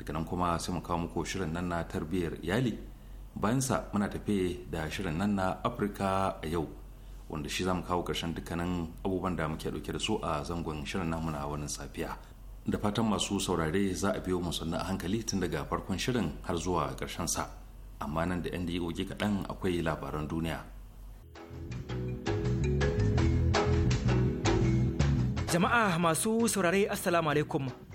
daga nan kuma sai mu kawo muku shirin nan na tarbiyyar iyali bayan sa muna tafe da shirin nan na afirka a yau wanda shi za mu kawo karshen dukkanin abubuwan da muke dauke da su a zangon shirin nan muna wannan safiya da fatan masu saurare za a biyo mu sannu a hankali tun daga farkon shirin har zuwa karshen sa amma nan da 'yan da kaɗan akwai labaran duniya jama'a masu saurare assalamu alaikum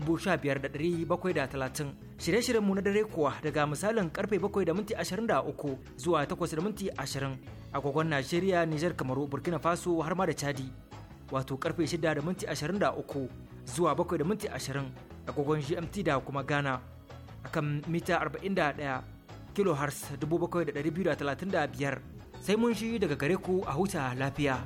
15730. Shirye-shiryenmu na dare kuwa daga misalin karfe 7:23 zuwa 820 a agogon Najeriya, Nijar, Kamaru, Burkina Faso har ma da Chadi. Wato karfe 6:23 zuwa 720 agogon GMT da kuma Ghana. Akan mita 41 kilohertz 7235 sai mun shi daga gare ku a huta lafiya.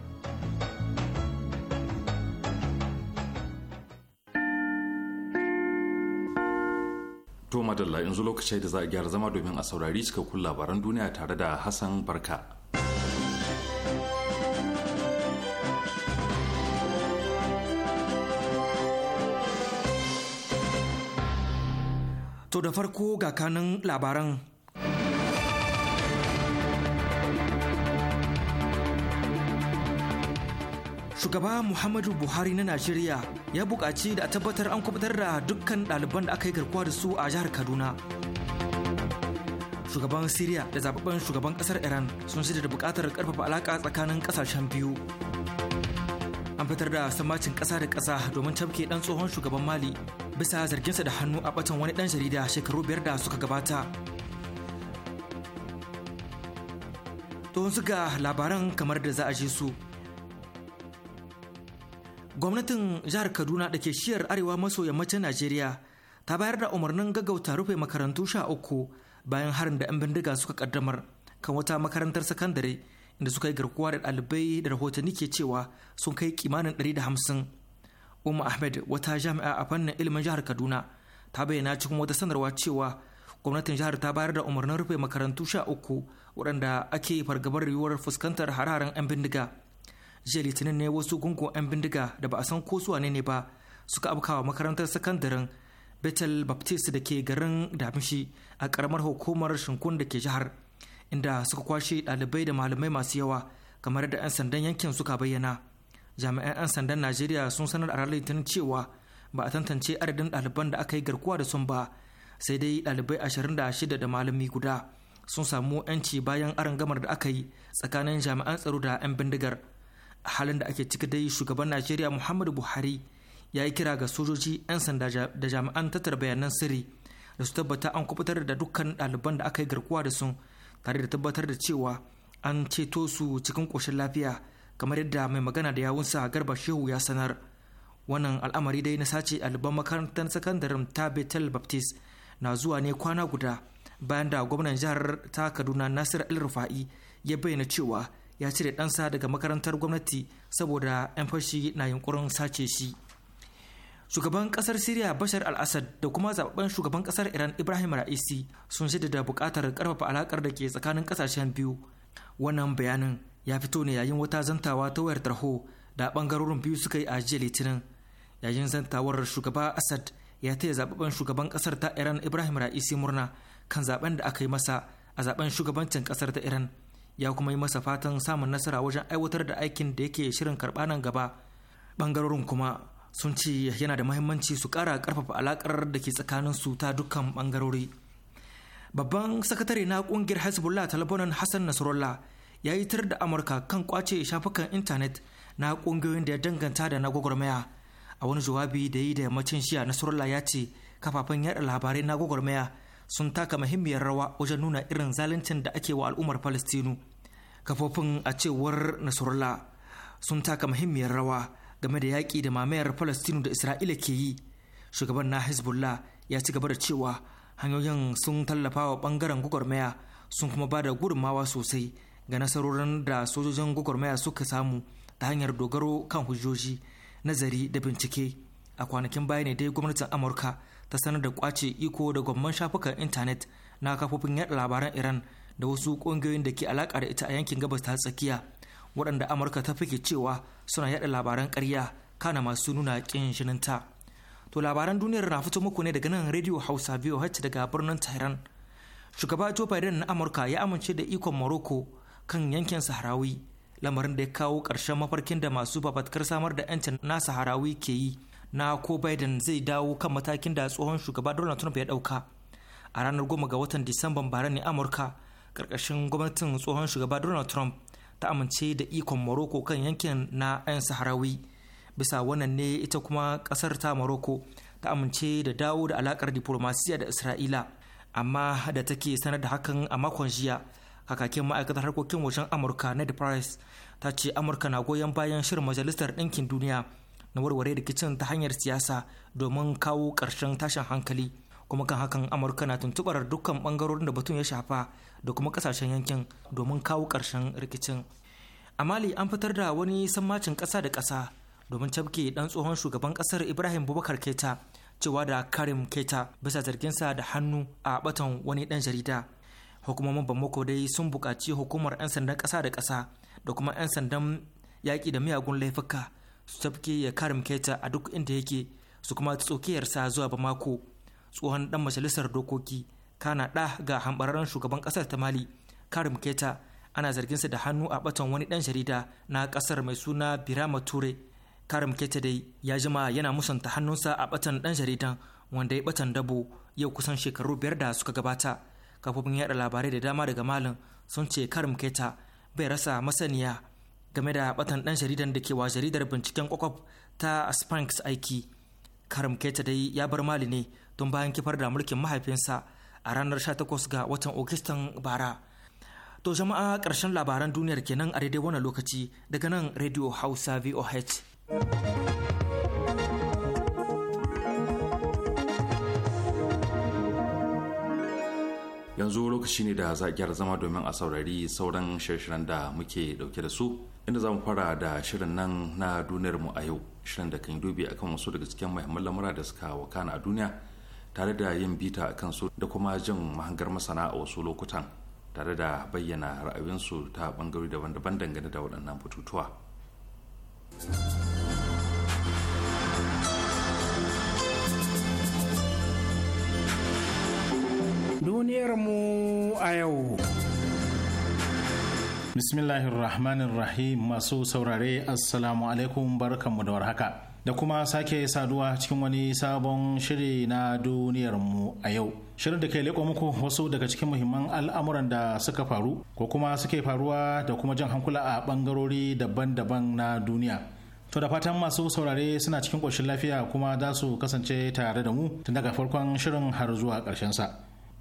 To madalla yanzu lokacin da za a gyara zama domin a saurari cikakkun labaran duniya tare da Hassan Barka. To da farko ga kanin labaran shugaba muhammadu buhari na najeriya ya buƙaci da a tabbatar an kubutar da dukkan ɗaliban da aka yi garkuwa da su a jihar kaduna shugaban siriya da zababben shugaban ƙasar iran sun shirya da buƙatar ƙarfafa alaƙa tsakanin ƙasashen biyu an fitar da samacin ƙasa da ƙasa domin tabke ɗan tsohon shugaban mali bisa zarginsa da hannu a ɓatan wani ɗan jarida shekaru biyar da suka gabata to suka labaran kamar da za a je su gwamnatin jihar kaduna da ke shiyar arewa maso yammacin najeriya ta bayar da umarnin gaggauta rufe makarantu sha uku bayan harin da 'yan bindiga suka kaddamar kan wata makarantar sakandare inda suka yi garkuwa da ɗalibai da rahotanni ke cewa sun kai kimanin ɗari da hamsin umma ahmed wata jami'a a fannin ilimin jihar kaduna ta bayyana cikin wata sanarwa cewa gwamnatin jihar ta bayar da umarnin rufe makarantu sha uku waɗanda ake fargabar yiwuwar fuskantar hararen 'yan bindiga jiya litinin ne wasu gungun 'yan bindiga da ba a san ko su ne ba suka abkawa makarantar sakandaren betel baptist da ke garin damishi a karamar hukumar shinkun da ke jihar inda suka kwashe ɗalibai da malamai masu yawa kamar da 'yan sandan yankin suka bayyana jami'an 'yan sandan najeriya sun sanar a ranar litinin cewa ba a tantance adadin ɗaliban da aka yi garkuwa da sun ba sai dai ɗalibai ashirin da shida da malami guda sun samu 'yanci bayan arangamar da aka yi tsakanin jami'an tsaro da 'yan bindigar halin da ake ciki dai shugaban najeriya muhammadu buhari ya yi kira ga sojoji 'yan sanda da jami'an tattara bayanan sirri da su tabbata an kubutar da dukkan ɗaliban da aka yi garkuwa da su tare da tabbatar da cewa an ceto su cikin ƙoshin lafiya kamar yadda mai magana da yawunsa garba shehu ya sanar wannan al'amari dai na sace ɗaliban makarantar sakandaren ta betel baptist na zuwa ne kwana guda bayan da gwamnan jihar ta kaduna nasir el rufa'i ya bayyana cewa ya cire ɗansa daga makarantar gwamnati saboda 'yan fashi na yunkurin sace shi shugaban ƙasar siriya bashar al-assad da kuma zababben shugaban ƙasar iran ibrahim ra'isi sun da buƙatar karfafa alakar da ke tsakanin ƙasashen biyu wannan bayanin ya fito ne yayin wata zantawa ta wayar tarho da bangarorin biyu suka yi a jiya litinin yayin zantawar shugaba assad ya taya zababben shugaban kasar ta iran ibrahim ra'isi murna kan zaben da aka yi masa a zaben shugabancin ƙasar ta iran ya kuma yi masa fatan samun nasara wajen aiwatar da aikin da yake shirin karɓa nan gaba ɓangarorin kuma sun ce yana da mahimmanci su ƙara ƙarfafa alaƙar da ke tsakanin su ta dukkan ɓangarori babban sakatare na ƙungiyar hezbollah ta lebanon hassan nasrallah ya yi tar da amurka kan kwace shafukan intanet na ƙungiyoyin da ya danganta da na gwagwarmaya a wani jawabi da yi da yammacin shiya nasrallah ya ce kafafen yada labarai na gwagwarmaya sun taka muhimmiyar rawa wajen nuna irin zaluncin da ake wa al'ummar Falastinu. Kafofin a cewar Nasrallah sun taka muhimmiyar rawa game da yaƙi da mamayar Falastinu da Isra'ila ke yi. Shugaban na Hezbollah ya ci gaba da cewa hanyoyin sun tallafa wa ɓangaren gwagwarmaya sun kuma ba da gudunmawa sosai ga nasarorin da sojojin gwagwarmaya suka samu ta hanyar dogaro kan hujjoji nazari da bincike a kwanakin baya ne dai gwamnatin amurka ta sanar da kwace iko da gwamman shafukan intanet na kafofin yada labaran iran da wasu kungiyoyin da ke alaka da ita a yankin gabas ta tsakiya waɗanda amurka ta fi cewa suna yada labaran ƙarya kana masu nuna ƙin jininta to labaran duniyar na fito muku ne daga nan radio hausa biyu voh daga birnin tehran shugaba joe biden na amurka ya amince da ikon morocco kan yankin saharawi lamarin da ya kawo ƙarshen mafarkin da masu fafatkar samar da 'yancin na saharawi ke yi na ko biden zai dawo kan matakin da tsohon shugaba donald trump ya dauka a ranar goma ga watan disamban bara ne amurka karkashin gwamnatin tsohon shugaba donald trump ta amince da ikon morocco kan yankin na 'yan saharawi bisa wannan ne ita kuma kasar ta morocco ta amince da dawo da alakar diplomasiya da isra'ila amma da take sanar da hakan a makon jiya kakakin ma'aikatar harkokin wajen amurka ned price ta ce amurka na goyon bayan shirin majalisar ɗinkin duniya na warware rikicin ta hanyar siyasa domin kawo ƙarshen tashin hankali kuma kan hakan amurka na tuntubar dukkan bangarorin da batun ya shafa da kuma kasashen yankin domin kawo ƙarshen rikicin amali an fitar da wani sammacin ƙasa da ƙasa domin cafke dan tsohon shugaban ƙasar ibrahim bubakar keta cewa da karim keta bisa zarginsa da hannu a batan wani dan jarida hukumomin bamako dai sun buƙaci hukumar 'yan sandan ƙasa da ƙasa da kuma 'yan sandan yaƙi da miyagun laifuka su tafke ya karim keta a duk inda yake su kuma tsokiyarsa zuwa mako tsohon dan majalisar dokoki kana da ga hambararren shugaban kasar ta mali karim keta ana zarginsa da hannu a batan wani dan jarida na kasar mai suna birama ture karim keta dai ya jima yana musanta hannunsa a batan dan jaridan wanda ya batan dabo yau kusan shekaru biyar da suka gabata kafofin yada labarai da dama daga malin sun ce karim keta bai rasa masaniya game da batan ɗan jaridan da ke wa jaridar binciken kwakwaf ta spanx aiki karam keta dai ya bar mali ne don bayan kifar da mulkin mahaifinsa a ranar 18 ga watan ogustan bara to jama'a karshen labaran duniyar kenan a daidai wannan lokaci daga nan radio hausa voh yanzu lokaci ne da za a gyara zama domin a saurari sauran shirin da muke dauke da su inda za mu fara da shirin nan na duniyar mu a yau shirin da kan dubi akan wasu daga cikin muhimman lamura da suka wakana a duniya tare da yin bita akan su da kuma jin mahangar masana a wasu lokutan tare da bayyana ra'ayinsu ta bangare daban-daban dangane da waɗannan batutuwa. duniyarmu a yau. Bismillahirrahmanirrahim masu saurare Assalamu alaikum barkanmu da warhaka. Da kuma sake saduwa cikin wani sabon shiri na duniyarmu a yau. Shirin da ke leƙo muku wasu daga cikin muhimman al'amuran da suka faru ko kuma suke faruwa da kuma jan hankula a ɓangarori daban-daban na duniya. To da fatan masu saurare suna cikin ƙoshin lafiya kuma za su kasance tare da mu tun daga farkon shirin har zuwa ƙarshen sa.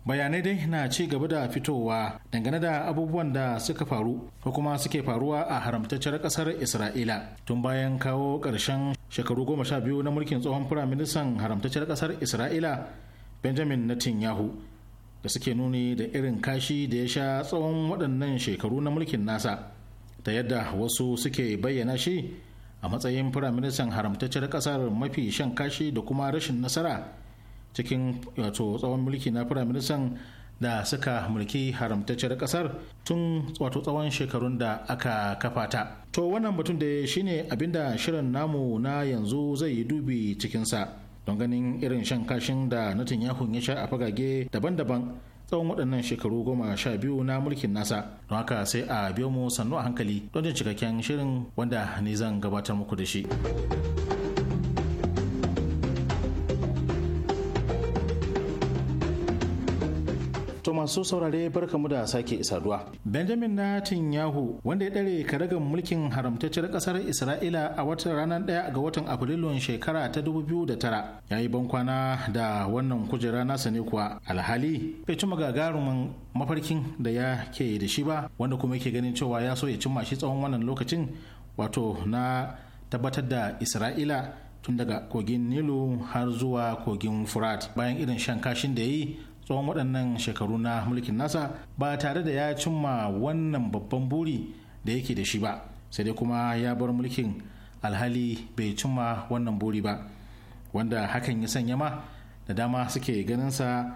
bayanai dai na ci gaba da fitowa dangane da abubuwan da suka faru ko kuma suke faruwa a haramtacciyar kasar isra'ila tun bayan kawo ƙarshen shekaru goma sha biyu na mulkin tsohon firaministan haramtacciyar kasar isra'ila benjamin netanyahu da suke nuni da irin kashi da ya sha tsawon waɗannan shekaru na mulkin nasa ta yadda wasu suke bayyana shi a matsayin firaministan haramtacciyar kasar mafi shan kashi da kuma rashin nasara cikin wato tsawon mulki na firaministan da suka mulki haramtacciyar kasar tun wato tsawon shekarun da aka kafa ta to wannan batun da shine abinda shirin namu na yanzu zai yi dubi cikinsa don ganin irin shan kashin da yahun ya sha a fagage daban-daban tsawon waɗannan shekaru goma sha biyu na mulkin nasa don haka sai a biyo mu sannu a hankali don jin cikakken shirin wanda ni zan gabatar muku da shi. masu saurare barkamu da sake isaduwa. Benjamin Netanyahu wanda ya dare karagan mulkin haramtacciyar kasar Isra'ila a watan ranar ɗaya ga watan Afrilun shekara ta 2009 ya yi bankwana da wannan kujera nasa ne kuwa alhali bai cima gagarumin mafarkin da ya ke da shi ba wanda kuma yake ganin cewa ya so ya cimma shi tsawon wannan lokacin wato na tabbatar da Isra'ila tun daga kogin Nilu har zuwa kogin Furat bayan irin shan kashin da ya yi tsawon waɗannan shekaru na mulkin nasa ba tare da ya cimma wannan babban buri da yake da shi ba sai dai kuma ya bar mulkin alhali bai cimma wannan buri ba wanda hakan ya sanya ma da dama suke ganinsa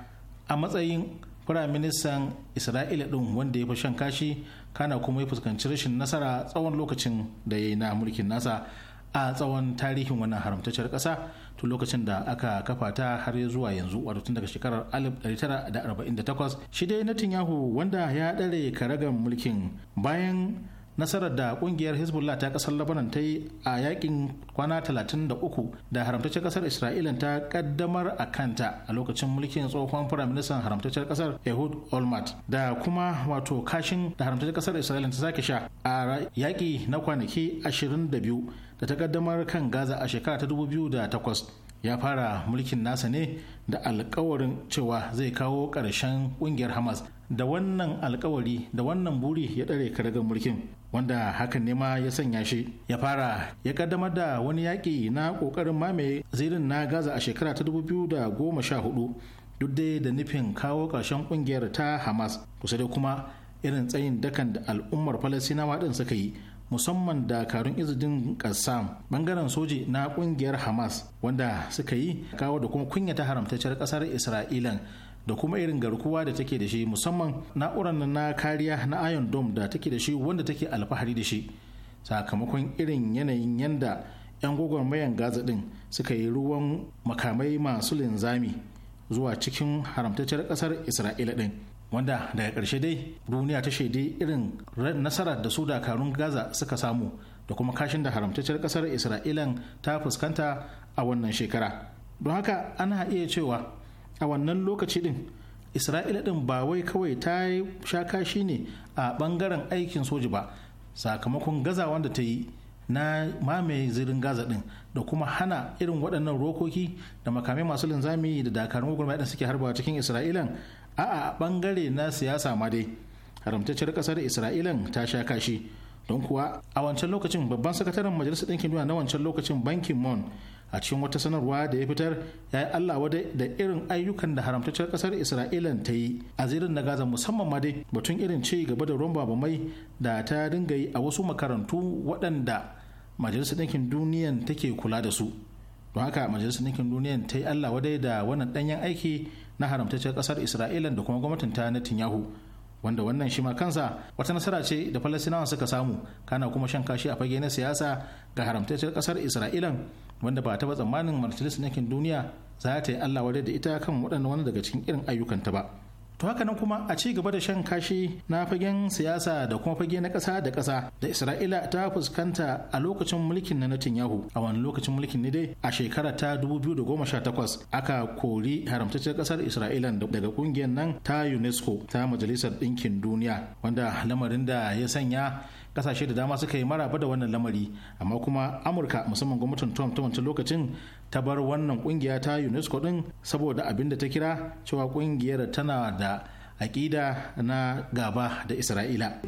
a matsayin firaministan isra'ila ɗin wanda ya fi shan kashi kana kuma ya fuskanci rashin nasara tsawon lokacin da ya yi na mulkin nasa a tsawon tarihin wannan haramtacciyar ƙasa tun lokacin da aka kafa ta har zuwa yanzu wato tun daga shekarar 1948 shi dai Netanyahu wanda ya ɗare karagan mulkin bayan nasarar da kungiyar hezbollah ta kasar labanan ta yi a yakin kwana 33 da haramtaccen kasar isra'ila ta kaddamar a kanta a lokacin mulkin tsohon firaministan haramtaccen kasar ehud olmert da kuma wato kashin da haramtaccen kasar isra'ila ta sake sha a yaki na kwanaki 22 da ta kaddamar kan gaza a shekara ta 2008 ya fara mulkin nasa ne da alkawarin cewa zai kawo ƙarshen kungiyar hamas da wannan alkawari da wannan buri ya ɗare karagar mulkin wanda hakan ne ma ya sanya shi ya fara ya kaddamar da wani yaƙi na ƙoƙarin mamaye zirin na gaza a shekara ta 2014 duk dai da nufin kawo ƙarshen ƙungiyar ta hamas kusa da kuma irin tsayin dakan da al'ummar falasinawa ɗin suka yi musamman dakarun izidin kassam bangaren soji na kungiyar hamas wanda suka yi kawo da kuma kunyata haramtacciyar kasar isra'ilan da kuma irin garkuwa da take da shi musamman na'urar na kariya na iron dome da take da shi wanda take alfahari da shi sakamakon irin yanayin yanda 'yan gwagwarmayan gaza din suka yi ruwan makamai masu linzami zuwa cikin haramtacciyar kasar isra'ila din wanda daga ƙarshe dai duniya ta shaidi irin nasarar da su dakarun gaza suka samu da kuma kashin da haramtacciyar kasar isra'ilan ta fuskanta a wannan shekara don haka ana iya cewa a wannan lokaci din isra'ila din ba wai kawai ta yi shakashi ne a bangaren aikin soji ba sakamakon gazawa da ta yi na mamaye zirin gaza din da kuma hana irin waɗannan rokoki da makamai masu linzami da dakarun gwamnati da suke harbawa cikin isra'ilan a'a bangare na siyasa ma dai haramtacciyar ƙasar isra'ila ta sha kashi don kuwa a wancan lokacin babban sakataren majalisar ɗinkin duniya na wancan lokacin bankin mon a cikin wata sanarwa da ya fitar ya yi allah wadai da irin ayyukan da haramtacciyar kasar isra'ila ta yi a zirin na gaza musamman ma dai batun irin ci gaba da ba mai da ta dinga yi a wasu makarantu waɗanda majalisar ɗinkin ta take kula da su don haka majalisar ɗinkin duniya ta yi allah wadai da wannan ɗanyen aiki na haramtacciyar kasar isra'ila da kuma gwamnatin ta netanyahu wanda wannan shi ma kansa wata nasara ce da falasinawa suka samu kana kuma shan kashi a fage na siyasa ga haramtacciyar kasar isra'ilan wanda ba taɓa tsammanin martilis ɗinkin duniya za ta yi allah da ita kan waɗanda wani daga cikin irin ayyukanta ba to haka nan kuma a ci gaba da shan kashi na fagen siyasa da kuma fage na ƙasa da kasa, da isra'ila ta fuskanta a lokacin mulkin na netanyahu a wani lokacin mulkin ne dai a shekara ta 2018 aka kori haramtaccen ƙasar isra'ila daga ƙungiyar nan ta unesco ta majalisar ɗinkin duniya wanda lamarin da ya sanya ƙasashe da dama suka yi maraba da wannan lamari amma kuma amurka musamman gwamnatin trump ta lokacin ta bar wannan kungiya ta unesco din saboda abin da ta kira cewa kungiyar tana da aƙida na gaba da isra'ila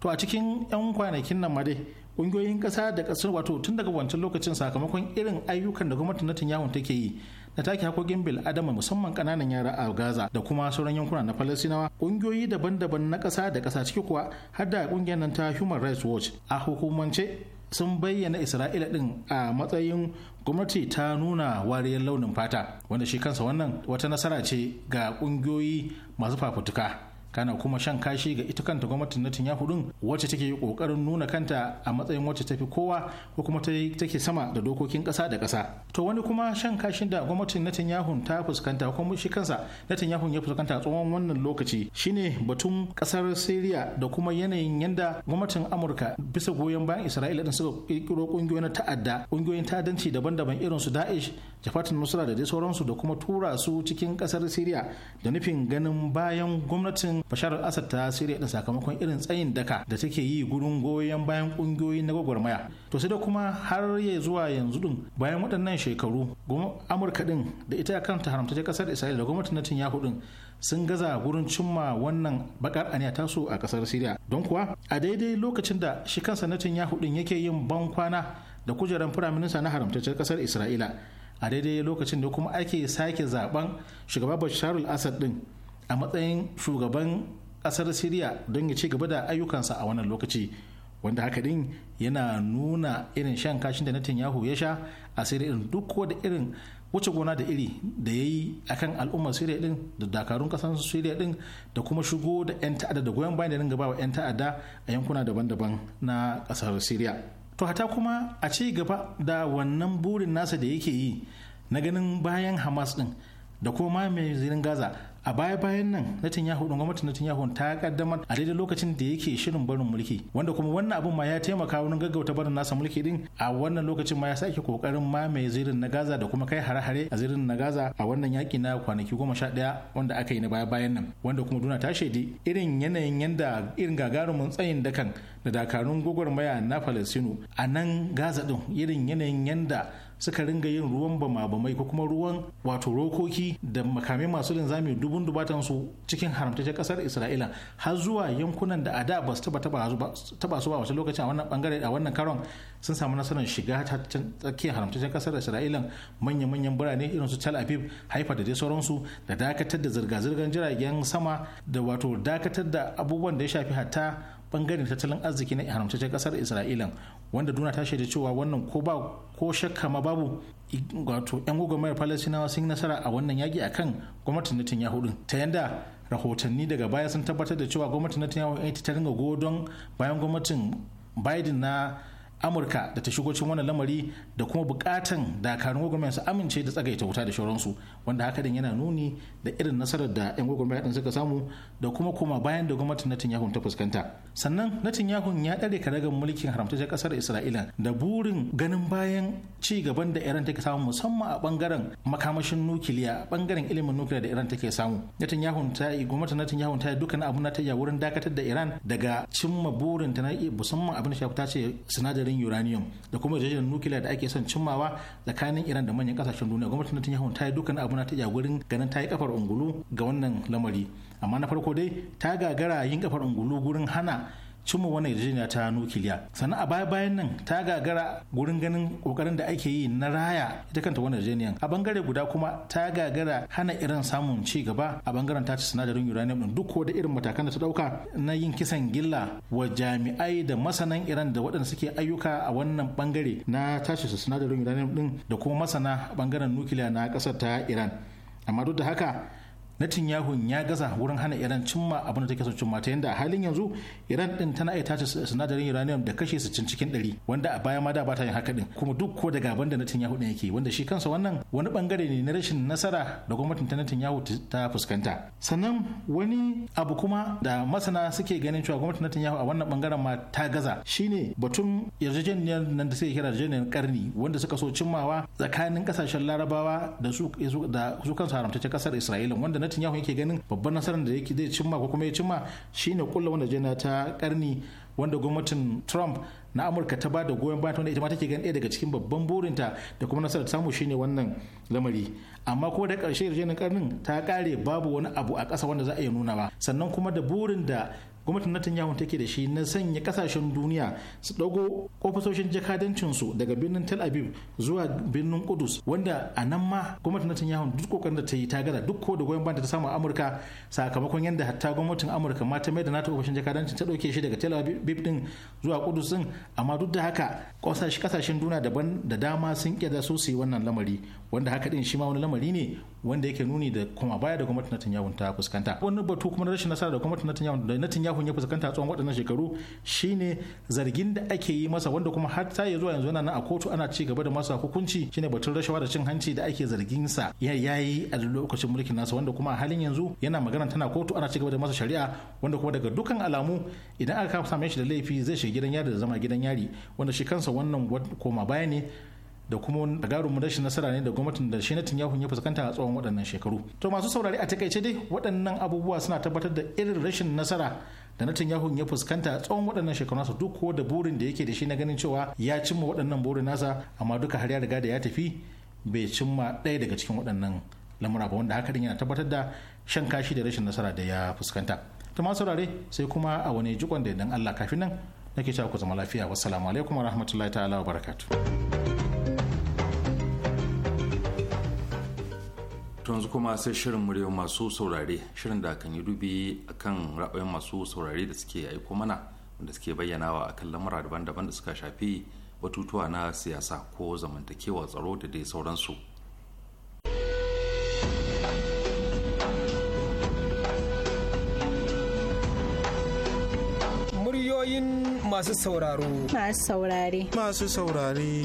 to a cikin 'yan kwanakin nan ma dai kungiyoyin kasa da kasar wato tun daga wancan lokacin sakamakon irin ayyukan da gwamnatin Netanyahu take yi da take hakokin bil adama musamman kananan yara a gaza da kuma sauran yankuna na falasinawa kungiyoyi daban-daban na ƙasa da ƙasa ciki kuwa har da kungiyar nan ta human rights watch a hukumance sun bayyana isra'ila din a matsayin gwamnati ta nuna wariyar launin fata wanda shi kansa wannan wata nasara ce ga kungiyoyi masu fafutuka kana kuma shan kashi ga ita kanta gwamnatin na Tanyahu hudun wacce take kokarin nuna kanta a matsayin wacce tafi kowa ko kuma take sama da dokokin kasa da kasa to wani kuma shan kashin da gwamnatin na hun ta fuskanta ko kuma shi kansa na Tanyahu ya fuskanta a tsawon wannan lokaci shine batun kasar Syria da kuma yanayin yanda gwamnatin Amurka bisa goyon bayan Isra'ila din suka kirkiro kungiyoyin ta'adda kungiyoyin ta'addanci daban-daban irin su Daesh jafatin Nusra da dai sauransu da kuma tura su cikin kasar Syria da nufin ganin bayan gwamnatin gwamnatin bashar ta siriya da sakamakon irin tsayin daka da take yi gurin goyon bayan kungiyoyi na gwagwarmaya to sai da kuma har ya zuwa yanzu din bayan waɗannan shekaru amurka din da ita kanta haramtaccen kasar isra'ila da gwamnatin ya din sun gaza gurin cimma wannan bakar aniya taso a kasar syria. Don kuwa a daidai lokacin da shi kansa ya din yake yin ban kwana da kujerar firaminista na haramtaccen kasar Isra'ila. A daidai lokacin da kuma ake sake zaben shugaba Bashar al-Assad din a matsayin shugaban kasar siriya don ya ci gaba da ayyukansa a wannan lokaci wanda haka din yana nuna irin shan kashin da netanyahu ya sha a siriya duk wanda irin wuce gona da iri da ya yi a kan al'ummar siriya din da dakarun kasar siriya din da kuma shigo da 'yan ta'adda da goyon bayan da ringa bawa 'yan ta'adda a yankuna daban-daban na kasar siriya to hata kuma a ci gaba da wannan burin nasa da yake yi na ganin bayan hamas din da kuma mai zirin gaza a baya-bayan nan Netanyahu din gwamnatin Netanyahu ta kaddamar a daidai lokacin da yake shirin barin mulki wanda kuma wannan abun ma ya taimaka wurin gaggauta barin nasa mulki din a wannan lokacin ma ya sake kokarin mamaye zirin na Gaza da kuma kai hare-hare a zirin na Gaza a wannan yaki na kwanaki goma sha ɗaya wanda aka yi na baya-bayan nan wanda kuma duna ta shaidi irin yanayin yanda irin gagarumin tsayin dakan da dakarun gwagwarmaya na Falasino a nan Gaza din irin yanayin yanda suka ringa yin ruwan bama-bamai ko kuma ruwan wato rokoki da makamai masu linzami dubun dubatan su cikin haramtaccen kasar isra'ila har zuwa yankunan da a da ba su taba su ba wata lokacin a wannan bangare a wannan karon sun samu nasarar shiga tsakiyar haramtaccen kasar isra'ila manya-manyan birane irin su tel aviv haifa da dai sauransu da dakatar da zirga-zirgar jiragen sama da wato dakatar da abubuwan da ya shafi hatta bangaren tattalin arziki na haramtaccen kasar isra'ila wanda duna ta shaida cewa wannan ko ba ko shakka ma babu wato yan gwagwarmayar falasinawa sun yi nasara a wannan yaki akan gwamnatin netanyahu din ta yanda rahotanni daga baya sun tabbatar da cewa gwamnatin yahu ita ta ringa godon bayan gwamnatin biden na amurka da ta shigo cikin wannan lamari da kuma bukatan dakarun gwagwarmaya su amince da tsagaita wuta da shauransu wanda haka din yana nuni da irin nasarar da yan gwagwarmaya din suka samu da kuma kuma bayan da gwamnatin Netanyahu ta fuskanta sannan Netanyahu ya dare karagar mulkin haramtaccen kasar Isra'ila da burin ganin bayan ci gaban da Iran take samu musamman a bangaren makamashin nukiliya bangaren ilimin nukiliya da Iran take samu Netanyahu ta yi gwamnatin Netanyahu ta yi dukkan abun na ta wurin dakatar da Iran daga cimma burin ta na musamman abin da ta ce sinadarin sinadarin uranium da kuma yarjejeniyar nukiliya da ake son cimmawa tsakanin iran da manyan kasashen duniya gwamnatin netanyahu ta yi dukkan abu na ta iya gurin ganin ta yi kafar ungulu ga wannan lamari amma na farko dai ta gagara yin kafar ungulu gurin hana cimma wannan yarjejeniya ta nukiliya sannan a baya bayan nan ta gagara gurin ganin kokarin da ake yi na raya ita kanta wannan yarjejeniyan a bangare guda kuma ta gagara hana iran samun ci gaba a bangaren tace sinadarin uranium din duk da irin matakan da ta dauka na yin kisan gilla wa jami'ai da masanan iran da waɗanda suke ayyuka a wannan bangare na tace sinadarin uranium din da kuma masana bangaren nukiliya na kasar ta iran amma duk da haka Netanyahu ya gaza wurin hana Iran cimma abin da take son cimma ta yanda a halin yanzu Iran din tana iya tace sinadarin uranium da kashe su cikin ɗari wanda a baya ma da bata yin haka din kuma duk ko daga banda da Netanyahu din yake wanda shi kansa wannan wani bangare ne na rashin nasara da gwamnatin ta Netanyahu ta fuskanta sannan wani abu kuma da masana suke ganin cewa gwamnatin Netanyahu a wannan bangaren ma ta gaza shine batun yarjejeniyar nan da suke kira yarjejeniyar karni wanda suka so cimmawa tsakanin kasashen larabawa da su da su kansu haramtaccen kasar Isra'ila wanda Netanyahu yake ganin babban nasarar da yake zai cimma ko kuma ya cimma shine kulla wanda jana ta karni wanda gwamnatin Trump na Amurka ta ba da goyon bayan wanda ita ma take ganin ɗaya daga cikin babban burinta da kuma nasarar ta samu shine wannan lamari amma ko da ƙarshe yarjejeniyar karnin ta kare babu wani abu a ƙasa wanda za a iya nuna ba sannan kuma da burin da gwamnatin Netanyahu take da shi na sanya kasashen duniya su dago ofisoshin jakadancin su daga birnin Tel Aviv zuwa birnin Kudus wanda a nan ma gwamnatin Netanyahu duk kokarin da ta yi ta gara duk ko da goyon banta ta samu Amurka sakamakon yadda hatta gwamnatin Amurka ma ta mai da nata ofishin jakadancin ta dauke shi daga Tel Aviv din zuwa Kudus din amma duk da haka kasashen duniya daban da dama sun kyada su su yi wannan lamari wanda haka din shi ma wani lamari ne wanda yake nuni da kuma baya da gwamnatin Netanyahu ta fuskanta wani batu kuma na rashin nasara da gwamnatin Netanyahu da Netanyahu ya fuskanta tsawon waɗannan shekaru shine zargin da ake yi masa wanda kuma har ta zuwa yanzu yana nan a kotu ana ci gaba da masa hukunci shine batun rashawa da cin hanci da ake zargin sa ya yayi a lokacin mulkin nasa wanda kuma halin yanzu yana magana tana kotu ana ci gaba da masa shari'a wanda kuma daga dukan alamu idan aka same shi da laifi zai shiga gidan yari da zama gidan yari wanda shi kansa wannan koma baya ne da kuma mu rashin nasara ne da gwamnatin da shi yahun ya fuskanta a tsawon waɗannan shekaru. To masu saurari a takaice dai waɗannan abubuwa suna tabbatar da irin rashin nasara da yahun ya fuskanta a tsawon waɗannan shekaru nasa duk ko da burin da yake da shi na ganin cewa ya cimma waɗannan burin nasa amma duka har ya riga da ya tafi bai cimma ɗaya daga cikin waɗannan lamura ba wanda hakan yana tabbatar da shan kashi da rashin nasara da ya fuskanta. To masu saurare sai kuma a wani jikon da idan Allah kafin nan nake cewa ku zama lafiya wassalamu alaikum warahmatullahi ta'ala wa to yanzu kuma sai shirin murya masu saurare shirin da kan yi dubi akan ra'ayoyin masu saurare da suke aiko mana wanda suke bayyana wa akan lamura daban-daban da suka shafi batutuwa na siyasa ko zamantakewa tsaro da dai sauransu muryoyin masu sauraro masu saurare masu saurare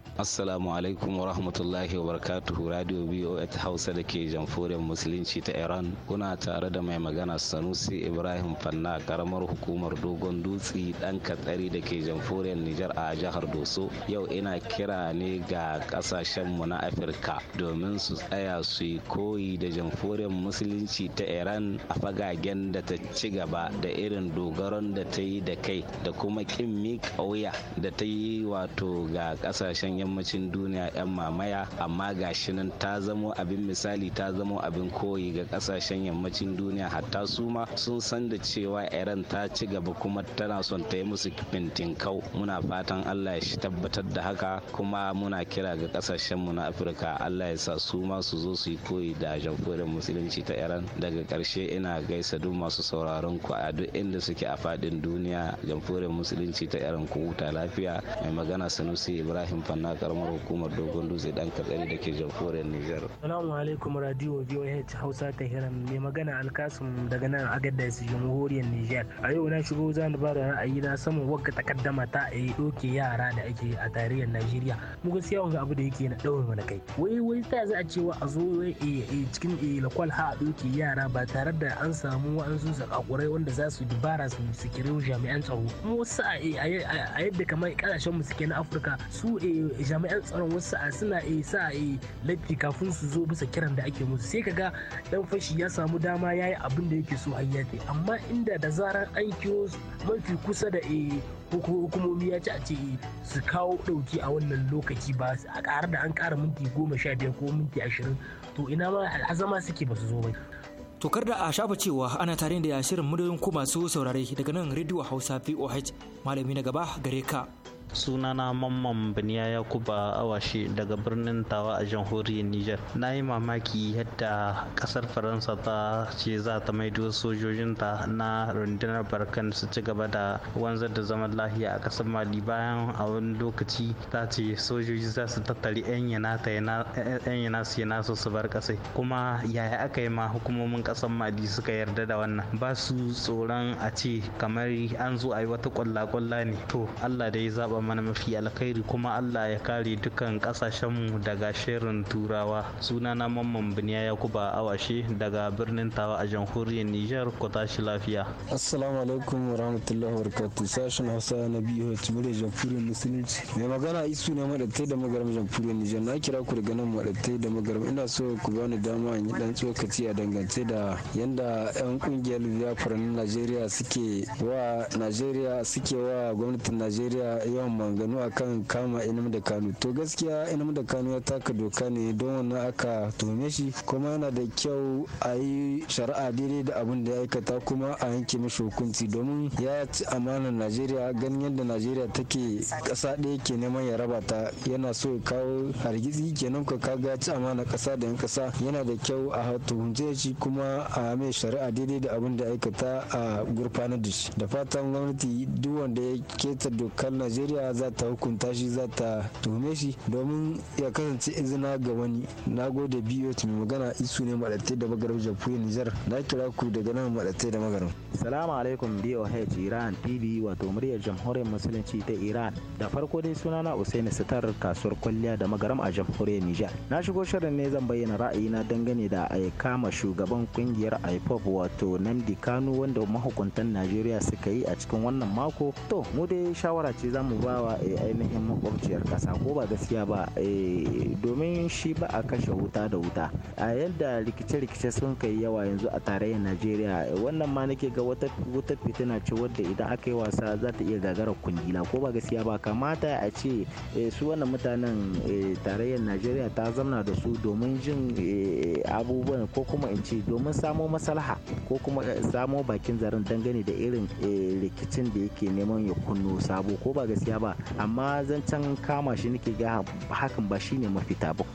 assalamu alaikum wa rahmatullahi wa barakatuhu radio boa hausa da ke jamhuriyar musulunci ta iran kuna tare da mai magana sanusi ibrahim fanna karamar hukumar dogon dutse dan katsari da ke jamhuriyar nijar a jihar doso yau ina kira ne ga kasashenmu na afirka domin su tsaya su yi koyi da jamhuriyar musulunci ta iran a fagagen da ta ci gaba da irin dogaron da ta yi da kai da kuma kin miƙa wuya da ta yi wato ga kasashen yammacin duniya 'yan mamaya amma gashi nan ta zamo abin misali ta zamo abin koyi ga kasashen yammacin duniya hatta su ma sun san da cewa iran ta ci gaba kuma tana son ta yi musu kau muna fatan allah ya tabbatar da haka kuma muna kira ga kasashenmu na afirka allah ya sa su ma su zo su yi koyi da jamhuriyar musulunci ta iran daga karshe ina gaisa duk masu sauraron ku a duk inda suke a fadin duniya jamhuriyar musulunci ta iran ku huta lafiya mai magana sanusi ibrahim fanna na karamar hukumar dogon dutse dan katsari da ke jamhuriyar nijar salamu alaikum radio voh hausa ta hiram mai magana alkasum daga nan agadez jamhuriyar nijar a yau na shigo za ni ba da ra'ayi na saman wagga takaddama ta a eh, doke yara da ake a tarihin najeriya mu gaskiya wanga abu da yake na ɗaure mana kai wai wai ta za a cewa a zo eh, eh, cikin lakwal ha a doke yara ba tare da an samu wa'ansu zakakurai wanda za su dubara su sikirin jami'an tsaro mu wasu a yadda kamar kasashen mu suke na afirka su jami'an tsaron wasu a suna e sa e latti kafin su zo bisa kiran da ake musu sai kaga dan fashi ya samu dama ya yi abin da yake so hayyate amma inda da zarar an kiyo mafi kusa da a eh, hukumomi ya ci a ce eh, su kawo dauki a wannan lokaci ba a ƙara da an ƙara minti goma sha biyar ko minti ashirin to ina ma al'azama suke ba su zo ba. To da a shafa cewa ana tare da shirin muryoyin ku masu saurare daga nan rediyo Hausa VOH malami na gaba gare ka. sunana mamman biniya yakuba awashi daga birnin tawa a jamhuriyar Nijar. na yi mamaki yadda ƙasar faransa ta ce za ta maido sojojinta na rundunar barkan su ci gaba da wanzar da zaman lafiya a ƙasar mali bayan a wani lokaci ta ce sojoji za su tattali 'yan yana su yana su su bar kasai kuma yaya aka yi ma hukumomin ƙasar mali suka yarda da wannan ba su tsoron a ce kamar an zo a yi wata kwalla-kwalla ne to allah dai zaba mana mafi alkhairi kuma Allah ya kare dukan mu daga shirin turawa suna na mamman biniya kuba awashe daga birnin tawa a jamhuriyar Nijar ku tashi lafiya. Assalamu alaikum wa rahmatullahi wa barakatuh sashen Hausa na biyu Jamhuriyar Jamhuriyar Musulunci. Mai magana isu ne madattai da magaram Jamhuriyar Nijar na kira ku daga nan madattai da magaram ina so ku bani dama in yi dan tsokaci a dangance da yanda yan kungiyar biya na Najeriya suke wa Najeriya suke wa gwamnatin Najeriya yawan yawan manganu akan kama inam da kanu to gaskiya inam da kanu ya taka doka ne don wannan aka tume shi kuma yana da kyau a yi shari'a daidai da abin da ya aikata kuma a yanke mishi hukunci domin ya ci amanar najeriya ganin yadda najeriya take kasa ɗaya ke neman ya raba ta yana so ya kawo hargitsi kenan ka kaga ci amanar ƙasa da yan ƙasa yana da kyau a tuhunce shi kuma a mai shari'a daidai da abin da aikata a gurfanar da shi da fatan gwamnati duk wanda ya keta dokar najeriya shari'a za ta hukunta shi za ta tuhume shi domin ya kasance izina ga wani na gode biyu mai magana isu ne maɗatai da magaram jamhuriyar nijar na kira ku daga nan maɗatai da magaram salamu alaikum boh iran tv wato muryar jamhuriyar musulunci ta iran da farko dai sunana usaini sitar kasuwar kwalliya da magaram a jamhuriyar nijar na shigo shirin ne zan bayyana ra'ayi na dangane da a kama shugaban kungiyar ipop wato namdi kanu wanda mahukuntan najeriya suka yi a cikin wannan mako to mu dai shawara ce za mu ba wa eh, ainihin makwabciyar ƙasa ko ba gaskiya ba eh, domin shi ba a kashe wuta da wuta a yadda rikice-rikice sun kai yawa yanzu a tarayyar najeriya wannan ma nake ga wata fitina ce wadda idan aka yi wasa za ta iya gagarar kungila ko ba gaskiya ba kamata a ce eh, su wannan mutanen tarayyar najeriya ta zamna da su domin jin abubuwan ko kuma in ce domin samo maslaha ko kuma samo bakin zaren dangane da irin rikicin da yake neman ya kunno sabo ko ba gaskiya gaskiya ba amma zancen kama shi nake ga hakan ba shine mafita ba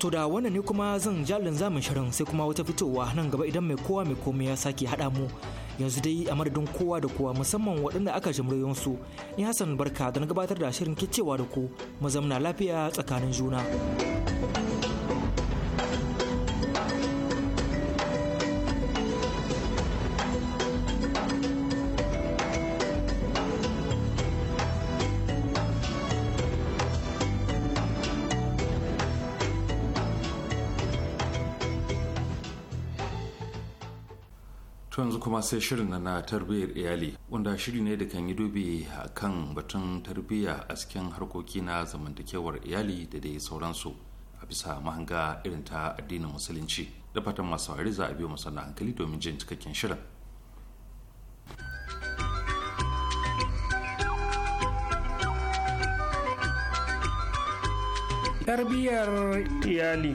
To da wannan ne kuma zan jalin zamin shirin sai kuma wata fitowa nan gaba idan mai kowa mai komai ya sake haɗa mu yanzu dai a madadin kowa da kowa musamman waɗanda aka jimriyon su ni Hassan Barka da na gabatar da shirin kicewa da ku mu zamna lafiya tsakanin juna. kuma sai shirin na na tarbiyyar iyali wanda shiri ne da kan yi dubi a kan batun tarbiyya a cikin harkoki na zamantakewar iyali da dai sauransu a bisa mahanga irin ta addinin musulunci da fatan masu hari za a biyo musamman hankali domin jin cikakken shirin tarbiyyar iyali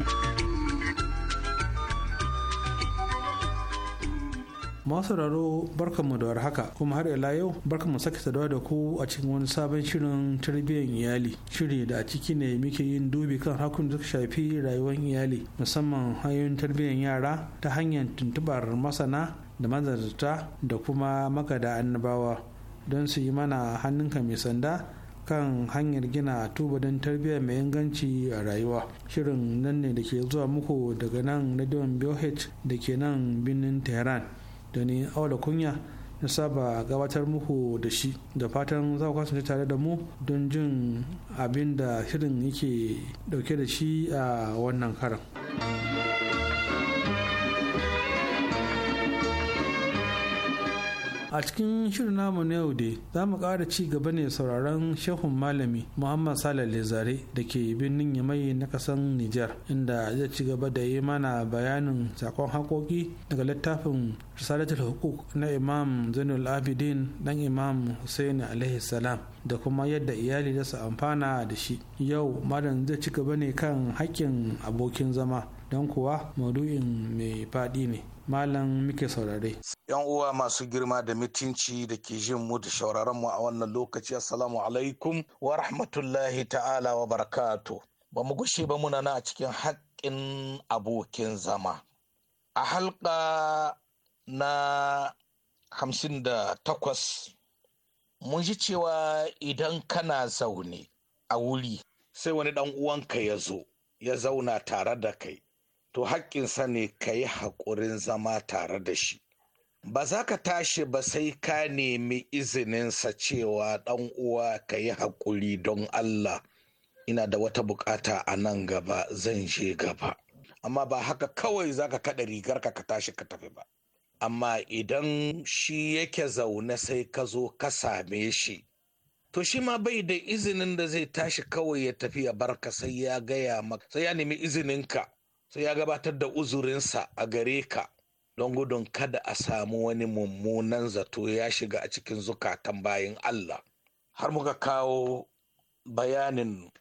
masararo barkan barkanmu da warhaka kuma har ila yau mu sake saduwa da ku a cikin wani sabon shirin tarbiyyar iyali shiri da a ciki ne muke yin dubi kan hakun da shafi rayuwar iyali musamman hanyoyin tarbiyyar yara ta hanyar tuntubar masana da manzarta da kuma makada annabawa don su yi mana hannunka mai sanda kan hanyar gina tuba don tarbiyya mai inganci a rayuwa shirin nan ne da ke zuwa muku daga nan radion bioh da ke nan birnin tehran da ni awala kunya na saba gabatar muku da shi da fatan za ku kasance tare da mu don jin abin da shirin yake dauke da shi a wannan karan. a cikin shirin namu na yau dai za mu ƙara ci gaba ne sauraron shehun malami muhammad salah lezare da ke birnin yamai na kasan nijar inda zai ci gaba da yi mana bayanin sakon haƙoƙi daga littafin risalatul hukuk na imam zainul abidin dan imam hussein alaihi salam da kuma yadda iyali da su amfana da shi yau malam zai ci gaba ne kan haƙƙin abokin zama don kuwa maudu'in mai faɗi ne malam muke saurare. yan uwa masu girma da mutunci da ke jin mu da shauraron mu a wannan lokaci assalamu alaikum wa rahmatullahi ta'ala wa barakatu ba mu gushe ba muna na a cikin haƙƙin abokin zama a halƙa na hamsin da takwas mun ji cewa idan kana zaune a wuri sai wani ɗan uwanka ya zo ya zauna tare da kai to sa ne ka yi haƙurin zama tare da shi ba za ka tashi ba sai ka nemi izininsa cewa ɗan uwa ka yi haƙuri don allah ina da wata buƙata a nan gaba zan je gaba amma ba haka kawai za ka kaɗa rigar ka tashi ka tafi ba amma idan shi yake zaune sai ka zo ka same shi to shi ma bai da izinin da zai tashi kawai ya tafi ya barka sai ya gaya maka sai ya nemi izininka sai ya gabatar da uzurinsa a gare ka don gudun kada a samu wani mummunan zato ya shiga a cikin zukatan bayan Allah har muka kawo bayanin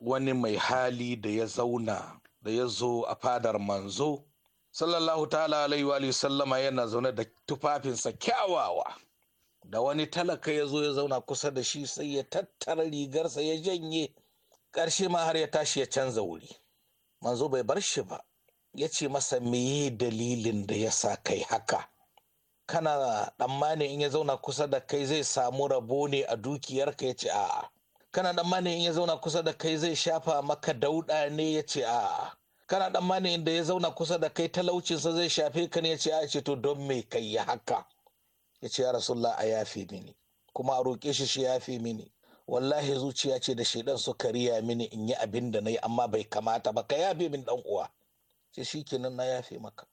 wani mai hali da ya zauna da ya zo a fadar manzo sallallahu ta'ala alaihi sallama yana zaune da tufafinsa kyawawa da wani talaka ya zo ya zauna kusa da shi sai ya tattara rigarsa ya janye ƙarshe ma har ya tashi ya canza wuri manzo bai bar shi ba ya ce masa meye dalilin da ya sa kai haka kana tsammanin in ya zauna kusa da kai zai samu rabo ne a dukiyarka ya ce a'a kana tsammanin in ya zauna kusa da kai zai shafa maka dauɗa ne ya ce a'a kana tsammanin inda ya zauna kusa da kai talaucinsa zai shafe ka ne ya ce a'a ce to don me kai ya haka ya ce ya rasulullah a yafe mini kuma a roƙe shi shi yafe mini wallahi zuciya ce da shaidan suka riya mini in yi abin da na yi amma bai kamata ba ka yafe min dan uwa ce shi kenan na yafe maka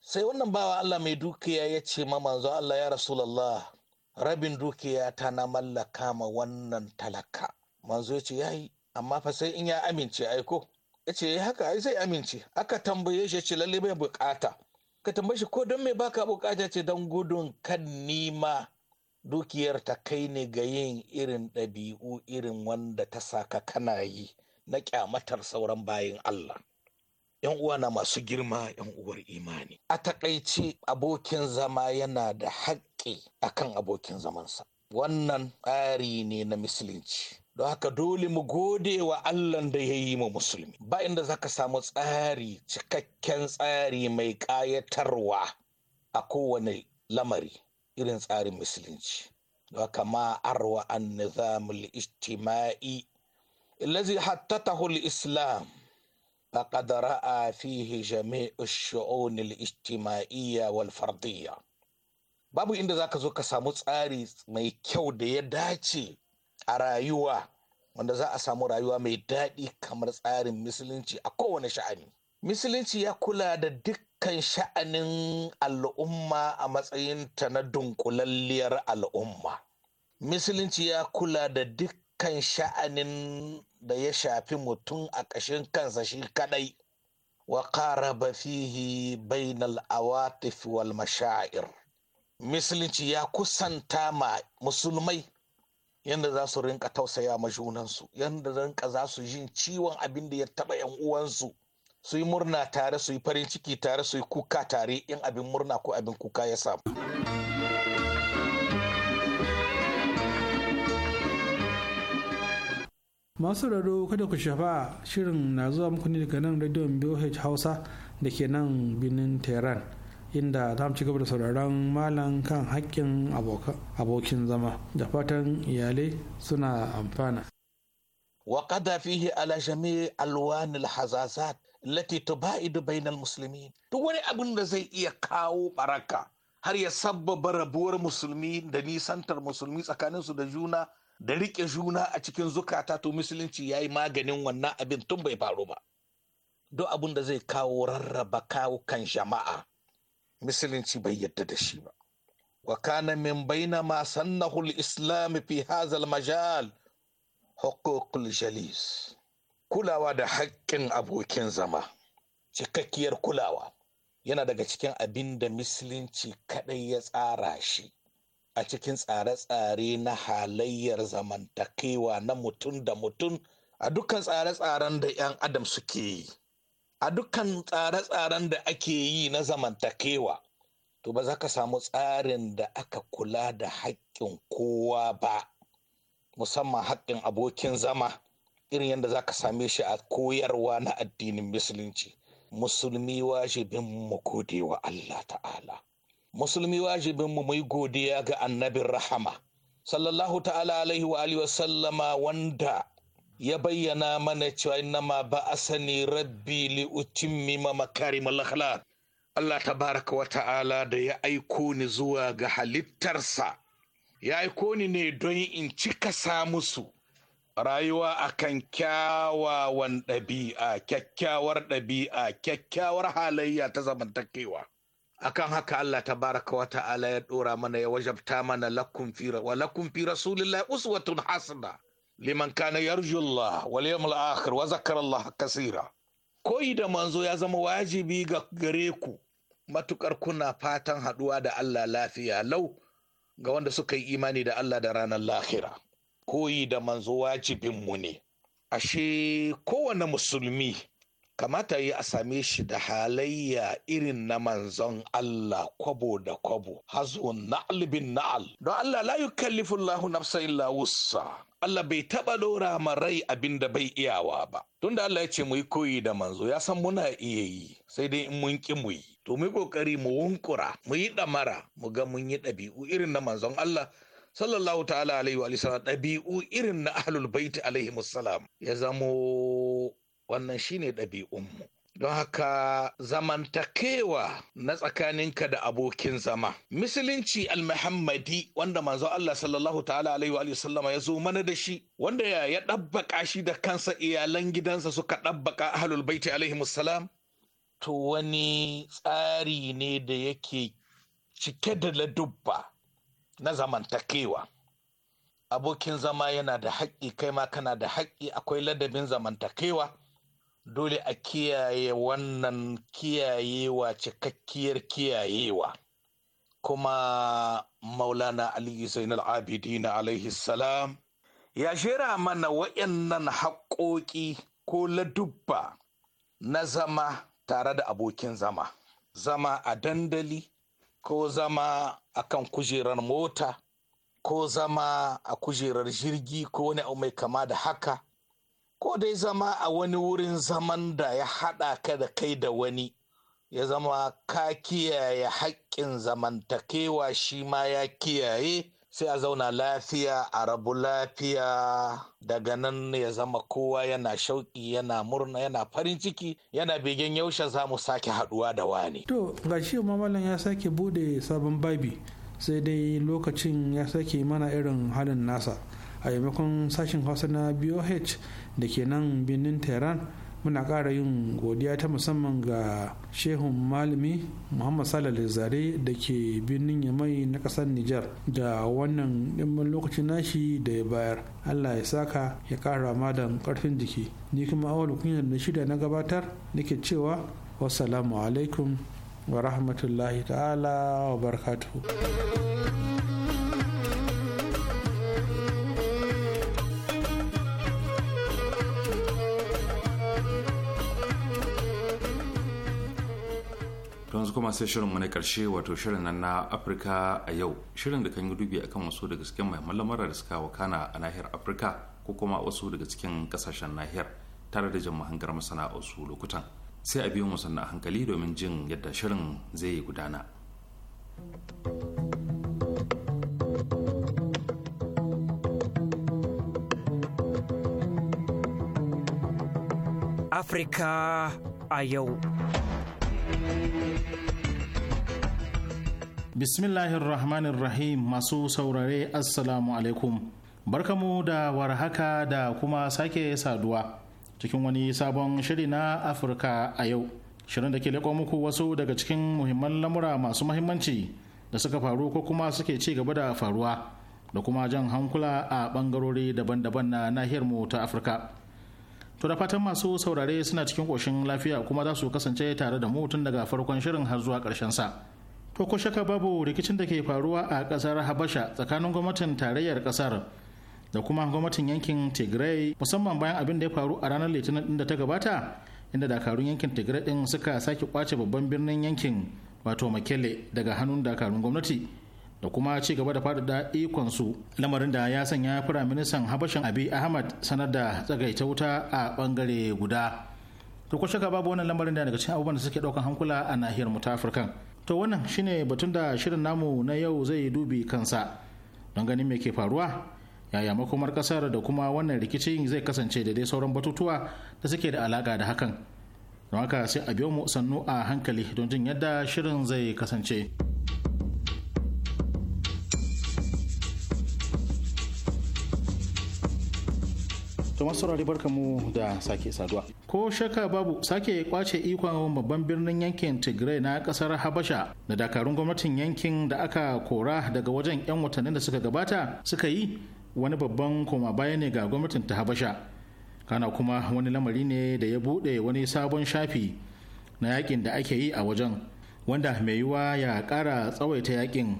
sai wannan bawa Allah mai dukiya ya ce ma manzo Allah ya rasulullah rabin dukiya ta na mallaka ma wannan talaka manzo ya ce yayi amma fa sai in ya amince aiko ya ce eh, haka ai sai amince aka tambaye shi ce lalle bai bukata ka tambaye shi ko don me baka bukata ce don gudun kan nima dukiyar ta kai ne ga yin irin ɗabi'u irin wanda ta saka kana yi na kyamatar sauran bayan Allah. ‘Yan uwa na masu girma ‘yan uwar imani. A takaice abokin zama yana da haƙƙi akan abokin zamansa. Wannan tsari ne na musulunci. Don haka dole mu gode wa Allah da ya yi mu musulmi. Ba inda za ka samu tsari, cikakken tsari mai ƙayatarwa a kowane lamari. irin tsarin musulunci kama arwa an nizamul ijtima'i الذي حتته a فقد رأى فيه جميع الشؤون الاجتماعية والفردية babu inda za ka zo ka samu tsari mai kyau da ya dace a rayuwa wanda za a samu rayuwa mai daɗi kamar tsarin musulunci a kowane sha'ani musulunci ya kula da dukkan sha'anin al'umma a matsayinta na dunkulalliyar al'umma musulunci ya kula da dukkan sha'anin da ya shafi mutum a ƙashin kansa shi kadai wa ba fihi bainal wal masha'ir musulunci ya kusanta ma musulmai yadda za su rinka tausaya ma junansu yadda rinka za su jin ciwon abin da ya taɓa yan uwansu su yi murna tare su yi farin ciki tare su yi kuka tare in abin murna ko abin kuka ya samu masu raro kada ku shafa shirin na zuwa muku ne daga nan Radio BOH Hausa da ke nan birnin Tehran inda za mu ci gaba da sauraron malam kan haƙƙin abokin zama da fatan iyalai suna amfana. وقضى فيه على جميع alwanil hazazat lati tubaidu bainal Musulmi. duk wani abin da zai iya kawo baraka har ya sabbaba rabuwar musulmi da nisantar musulmi tsakaninsu da juna da rike juna a cikin zukata to musulunci ya yi maganin wannan abin tun bai faru ba duk abin da zai kawo rarraba kawo kan jama'a musulunci bai yadda da shi ba wa kana min baina ma sannahu al-islam fi hadha al-majal huquq jalis kulawa da haƙƙin abokin zama cikakkiyar kulawa yana daga cikin abin da musulunci kaɗai ya tsara shi a cikin tsare-tsare na halayyar zamantakewa na mutum da mutum a dukkan tsare-tsaren da 'yan adam suke yi a dukkan tsare-tsaren da ake yi na zamantakewa to ba za ka samu tsarin da aka kula da haƙƙin kowa ba musamman haƙƙin abokin zama irin yadda za ka same shi a koyarwa na addinin musulunci musulmi wajibin mu gode wa Allah ta'ala musulmi wajibin mu mai godiya ga annabin rahama sallallahu ta'ala alaihi wa alihi sallama wanda ya bayyana mana cewa innama ba asani rabbi li utimmi ma akhlaq Allah tabaraka wa ta'ala da ya aiko ni zuwa ga halittarsa ya aiko ni ne don in cika sa musu rayuwa akan kyawawan ɗabi'a kyakkyawar ɗabi'a kyakkyawar halayya ta zamantakewa akan haka Allah ta baraka wa ta'ala ya ɗora mana ya wajabta mana lakum fi wa lakum fi rasulillahi uswatun hasana liman kana yarju Allah wal yawmul akhir wa zakara Allah kaseera koyi da manzo ya zama wajibi ga gare ku matukar kuna fatan haɗuwa da Allah lafiya lau ga wanda suka yi imani da Allah da ranar lahira koyi da manzo wajibinmu ne ashe kowane musulmi kamata yi a same shi da halayya irin na manzon Allah kwabo da kwabo hazo na'al bin na'al don Allah la yukallifu Allahu nafsa illa wussa Allah bai taba dora ma rai abin da bai iyawa ba tun da Allah ya ce mu yi koyi da manzo ya san muna iya yi sai dai in mun ki mu yi to mu yi kokari mu wunkura mu yi ɗamara, mu ga mun yi ɗabi'u irin na manzon Allah sallallahu ta'ala alaihi wa sallam ɗabi'u irin na ahlul baiti alaihi musallam ya zamo wannan shine ɗabi'unmu don haka zamantakewa na tsakaninka da abokin zama misalinci almuhammadi wanda manzo Allah sallallahu ta'ala alaihi wa sallama ya zo mana da shi wanda ya ɗabbaƙa shi da kansa iyalan gidansa suka ɗabbaka ahlul baiti alaihi musallam to wani tsari ne da yake cike da ladubba na zamantakewa abokin zama yana da haƙƙi kai ma kana da haƙƙi akwai ladabin zamantakewa dole a kiyaye wannan kiyayewa cikakkiyar kiyayewa kuma maulana ali zainal Abidin, alaihi salam ya shera mana waɗannan haƙoƙi ko ladubba na zama tare da abokin zama zama a dandali ko zama akan kujerar mota ko zama a kujerar jirgi ko wani abu mai kama da haka ko dai zama a wani wurin zaman da ya haɗa ka da kai da wani ya zama ka kiyaye haƙƙin zamantakewa shi ma ya kiyaye sai a zauna lafiya a rabu lafiya daga nan ya zama kowa yana shauki yana murna yana farin ciki yana begen yaushe za mu sake haɗuwa da wani. to ga shi mamalan ya sake bude sabon babi sai dai lokacin ya sake mana irin halin nasa a sashen hausa na boh da ke nan birnin tehran muna ƙara yin godiya ta musamman ga shehun malami muhammad salal zare da ke birnin yamai na ƙasar nijar da wannan ɗimbin lokacin nashi da ya bayar allah ya saka ya ƙara malam ƙarfin jiki ni kuma awal kunyar da shida na gabatar nake cewa wassalamu alaikum wa rahmatullahi ta'ala wa barakatuhu to yanzu kuma sai shirinmu na karshe wato shirin nan na afirka a yau shirin da kan yi dubi akan wasu daga cikin mahimman lamarin da suka wakana a nahiyar afirka ko kuma wasu daga cikin kasashen nahiyar tare da jin mahangar masana'arsu lokutan sai a biyo mu sannan hankali domin jin yadda shirin zai yi gudana. afrika a yau. rahim masu saurare Assalamu alaikum. Barkamu da warhaka da kuma sake saduwa cikin wani sabon shiri na Afirka a yau. Shirin da ke leƙo muku wasu daga cikin muhimman lamura masu mahimmanci da suka faru ko kuma suke ci gaba da faruwa da kuma jan hankula a ɓangarori daban-daban na nahiyar mu ta Afirka. To da fatan masu saurare suna cikin ƙoshin lafiya kuma za su kasance tare da mu tun daga farkon shirin har zuwa ƙarshen sa. To ko shaka babu rikicin da ke faruwa a kasar Habasha tsakanin gwamnatin tarayyar ƙasar da kuma gwamnatin yankin Tigray musamman bayan abin da ya faru a ranar Litinin din da ta gabata inda dakarun yankin Tigray din suka sake kwace babban birnin yankin wato Makele daga hannun dakarun gwamnati. da kuma ci gaba da faɗaɗa ikonsu lamarin da ya sanya firaministan habashin abi ahmad sanar da tsagaita wuta a bangare guda to ko shaka babu wannan lamarin da daga cikin abubuwan da suke ɗaukan hankula a nahiyar mu ta afirka to wannan shine batun da shirin namu na yau zai dubi kansa don ganin me ke faruwa yaya makomar kasar da kuma wannan rikicin zai kasance da dai sauran batutuwa da suke da alaka da hakan don haka sai a biyo mu sannu a hankali don jin yadda shirin zai kasance. To masu saurari barka mu da sake saduwa. Ko shaka babu sake kwace ikon babban birnin yankin Tigray na kasar Habasha da dakarun gwamnatin yankin da aka kora daga wajen 'yan watannin da suka gabata suka yi wani babban koma baya ne ga gwamnatin ta Habasha. Kana kuma wani lamari ne da ya bude wani sabon shafi na yakin da ake yi a wajen wanda mai yiwuwa ya ƙara tsawaita yakin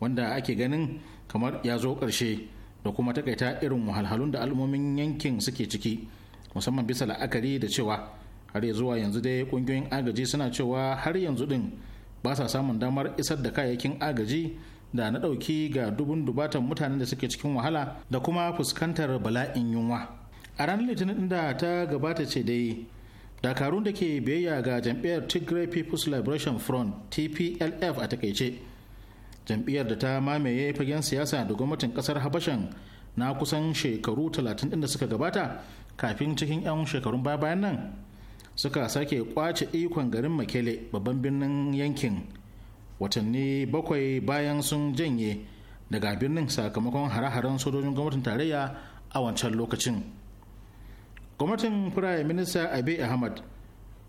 wanda ake ganin kamar ya zo ƙarshe. da kuma takaita irin wahalhalun da al'ummomin yankin suke ciki musamman bisa la'akari da cewa har ya zuwa yanzu dai kungiyoyin agaji suna cewa har yanzu din ba sa samun damar isar da kayayyakin agaji da na ɗauki ga dubun dubatan mutanen da suke cikin wahala da kuma fuskantar bala'in yunwa a ranar litinin da ta gabata ce dai dakarun da ke biyayya ga jam'iyyar tigray people's liberation front tplf a takaice jam'iyyar da ta mamaye fagen siyasa da gwamnatin kasar habashan na kusan shekaru 30 din da suka gabata kafin cikin 'yan shekarun baya bayan nan suka sake kwace ikon garin makele babban birnin yankin watanni bakwai bayan sun janye daga birnin sakamakon hare-haren sojojin gwamnatin tarayya a wancan lokacin gwamnatin firayim minista abiy ahmad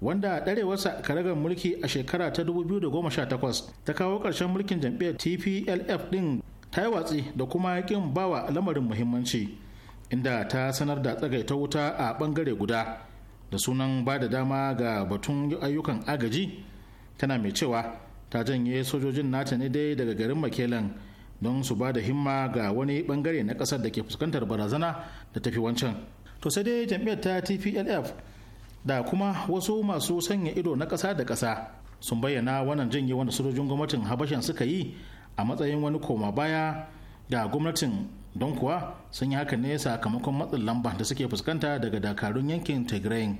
wanda ɗarewarsa karagar mulki a shekara ta 2018 ta kawo ƙarshen mulkin jam'iyyar tplf ɗin ta yi watsi da kuma yakin bawa lamarin muhimmanci inda ta sanar da tsagaita wuta a bangare guda da sunan ba da dama ga batun ayyukan agaji tana mai cewa ta janye sojojin nata ne dai daga garin makelan don su ba da himma ga wani bangare na ƙasar da ke fuskantar barazana da tafi wancan to sai dai jam'iyyar ta tplf da kuma wasu masu sanya ido na ƙasa da ƙasa sun bayyana wannan janye wanda sojojin gwamnatin habashan suka yi a matsayin wani koma baya da gwamnatin don kuwa sun yi haka ne sakamakon matsin lamba da suke fuskanta daga dakarun yankin tigray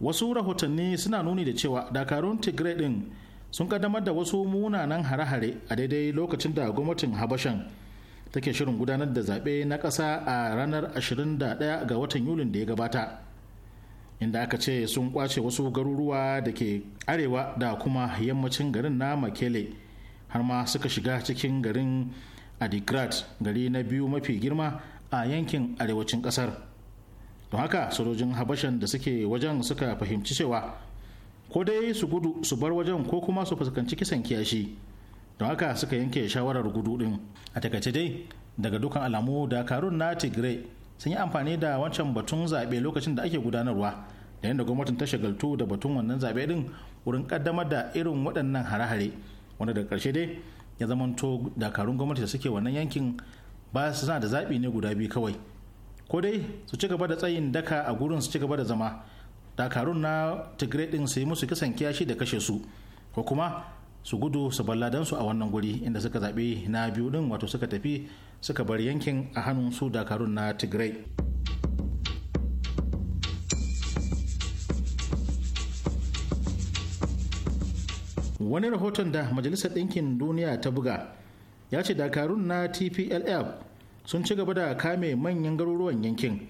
wasu rahotanni suna nuni da cewa dakarun tigray din sun kaddamar da wasu munanan hare-hare a daidai lokacin da gwamnatin habashan take shirin gudanar da zaɓe na ƙasa a ranar 21 ga watan yulin da ya gabata inda aka ce sun kwace wasu garuruwa da ke arewa da kuma yammacin garin na makele har ma suka shiga cikin garin adigrat gari na biyu mafi girma a yankin arewacin kasar don haka sojojin habashan da suke wajen suka fahimci cewa ko dai su gudu su bar wajen ko kuma su fuskanci kisan kiyashi don haka suka yanke shawarar gudu din a takaice dai daga dukan alamu dakarun na tigray sun yi amfani da wancan batun zaɓe lokacin da ake gudanarwa da yadda gwamnatin ta shagaltu da batun wannan zaɓe din wurin kaddamar da irin waɗannan hare-hare wanda daga ƙarshe dai ya zamanto dakarun gwamnati da suke wannan yankin ba su da zaɓi ne guda biyu kawai ko dai su ci gaba da tsayin daka a gurin su ci gaba da zama dakarun na tigray din su yi musu kisan kiyashi da kashe su ko kuma su gudu su balladansu a wannan guri inda suka zaɓi na biyu ɗin wato suka tafi suka bar yankin a hannun su dakarun na tigray wani rahoton da majalisar ɗinkin duniya ta buga ya ce dakarun na tplf sun ci gaba da kame manyan garuruwan yankin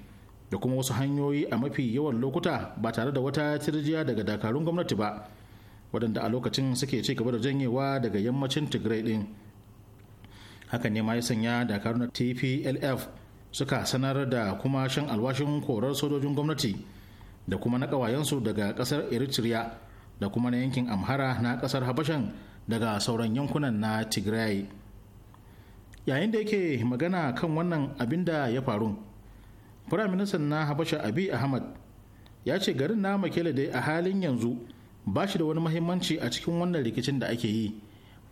da kuma wasu hanyoyi a mafi yawan lokuta ba tare da wata tirjiya daga dakarun gwamnati ba waɗanda a lokacin suke ci gaba da janyewa daga yammacin tigray ɗin hakan ne ma ya sanya dakarun tplf suka sanar da kuma shan alwashin korar sojojin gwamnati da kuma na ƙawayensu daga ƙasar eritrea da kuma na yankin amhara na ƙasar habashan daga sauran yankunan na tigray yayin da yake magana kan wannan abin da ya faru firaministan na habasha abi ahmad ya ce garin na makele dai a halin yanzu ba shi da wani mahimmanci a cikin wannan rikicin da ake yi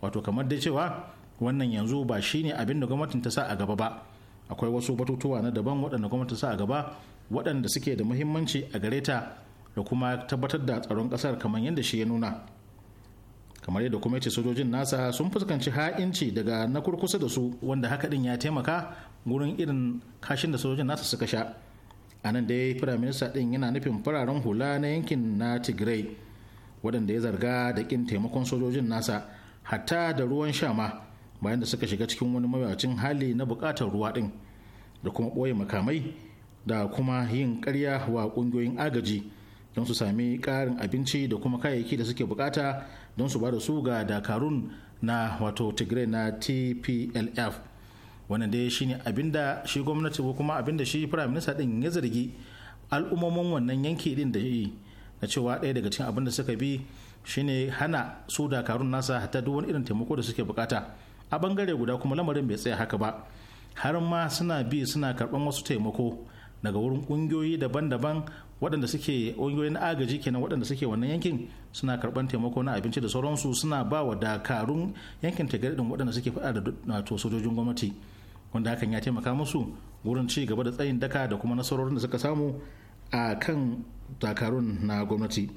wato kamar dai cewa wannan yanzu ba shine abin da gwamnatin ta sa a gaba ba akwai wasu batutuwa na daban waɗanda gwamnati sa a gaba waɗanda suke da muhimmanci a gare ta da kuma tabbatar da tsaron ƙasar kamar yadda shi ya nuna kamar yadda kuma yace sojojin nasa sun fuskanci ha'inci daga na kurkusa da su wanda haka din ya taimaka gurin irin kashin da sojojin nasa suka sha a nan dai firaminista din yana nufin fararen hula na yankin na tigray waɗanda ya zarga da ƙin taimakon sojojin nasa hatta da ruwan sha ma bayan da suka shiga cikin wani mawuyacin hali na buƙatar ruwa ɗin da kuma ɓoye makamai da kuma yin ƙarya wa ƙungiyoyin agaji don su sami ƙarin abinci da kuma kayayyaki da suke buƙata don su ba da su ga dakarun na wato tigray na tplf wannan dai shine abinda shi gwamnati ko kuma abinda shi firayim ɗin din ya zargi al'ummomin wannan yanki ɗin da yi na cewa ɗaya daga cikin abin da suka bi shine hana su dakarun nasa ta duk wani irin taimako da suke bukata a bangare guda kuma lamarin bai tsaya haka ba har ma suna bi suna karban wasu taimako daga wurin kungiyoyi daban-daban waɗanda suke ƙungiyoyin agaji kenan waɗanda suke wannan yankin suna karɓan taimako na abinci da sauransu suna ba wa dakarun yankin gari waɗanda suke faɗa da wato sojojin gwamnati wanda hakan ya taimaka musu wurin ci gaba da tsayin daka da kuma nasarorin da suka samu a kan dakarun na gwamnati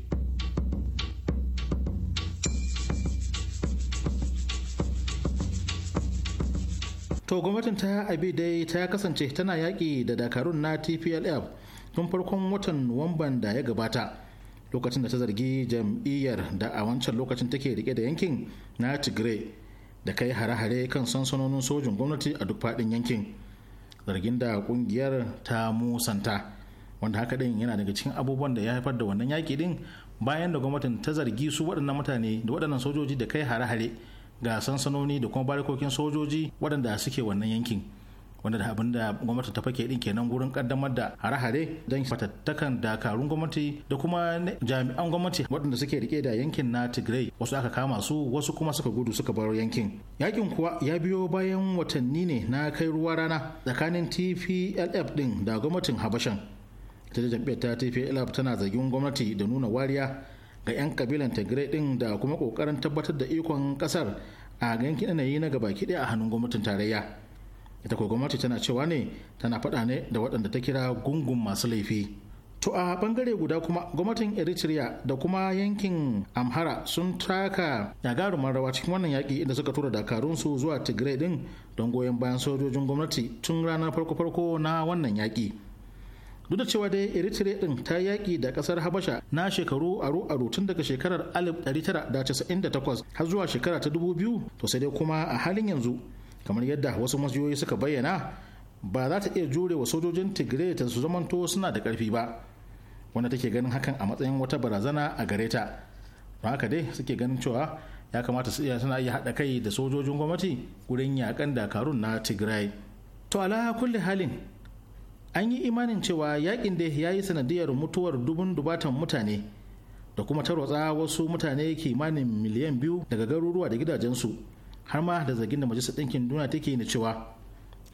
to gwamnatin ta abi dai ta kasance tana yaƙi da dakarun na tplf tun farkon watan nuwamban da ya gabata lokacin da ta zargi jam'iyyar da a wancan lokacin take rike da yankin na tigray da kai hare-hare kan sansanonin sojin gwamnati a duk faɗin yankin zargin da kungiyar ta musanta wanda haka din yana daga cikin abubuwan da ya haifar da wannan yaki din bayan da gwamnatin ta zargi su waɗannan mutane da waɗannan sojoji da kai hare-hare ga sansanoni da kuma barikokin sojoji waɗanda suke wannan yankin wanda da abin da gwamnati ta fake din kenan gurin kaddamar da hare-hare don fatattakan dakarun gwamnati da kuma jami'an gwamnati waɗanda suke rike da yankin na tigray wasu aka kama su wasu kuma suka gudu suka bar yankin yakin kuwa ya biyo bayan watanni ne na kai ruwa rana tsakanin tplf din da gwamnatin habashan ita jam'iyyar ta tplf tana zargin gwamnati da nuna wariya ga 'yan kabilan tigray din da kuma kokarin tabbatar da ikon kasar a yankin yanayi na gaba daya a hannun gwamnatin tarayya ita ko gwamnati tana cewa ne tana faɗa ne da waɗanda ta kira gungun masu laifi to a bangare guda kuma gwamnatin eritrea da kuma yankin amhara sun taka gagarumar rawa cikin wannan yaƙi inda suka tura dakarunsu zuwa tigray din don goyon bayan sojojin gwamnati tun ranar farko-farko na wannan yaƙi duk da cewa dai eritrea din ta yaƙi da ƙasar habasha na shekaru aru-aru tun daga shekarar 1998 har zuwa shekara ta 2000 to sai dai kuma a halin yanzu kamar yadda wasu majiyoyi suka bayyana ba za ta iya jure wa sojojin tigray ta su zamanto suna da ƙarfi ba wanda take ganin hakan a matsayin wata barazana a gare ta don haka dai suke ganin cewa ya kamata su iya suna iya haɗa kai da sojojin gwamnati wurin yakan dakarun na tigray to ala kulli halin an yi imanin cewa yakin da ya yi sanadiyar mutuwar dubun dubatan mutane da kuma tarwatsa wasu mutane kimanin miliyan biyu daga garuruwa da gidajensu har ma da zargin da majalisar ɗinkin duniya take na cewa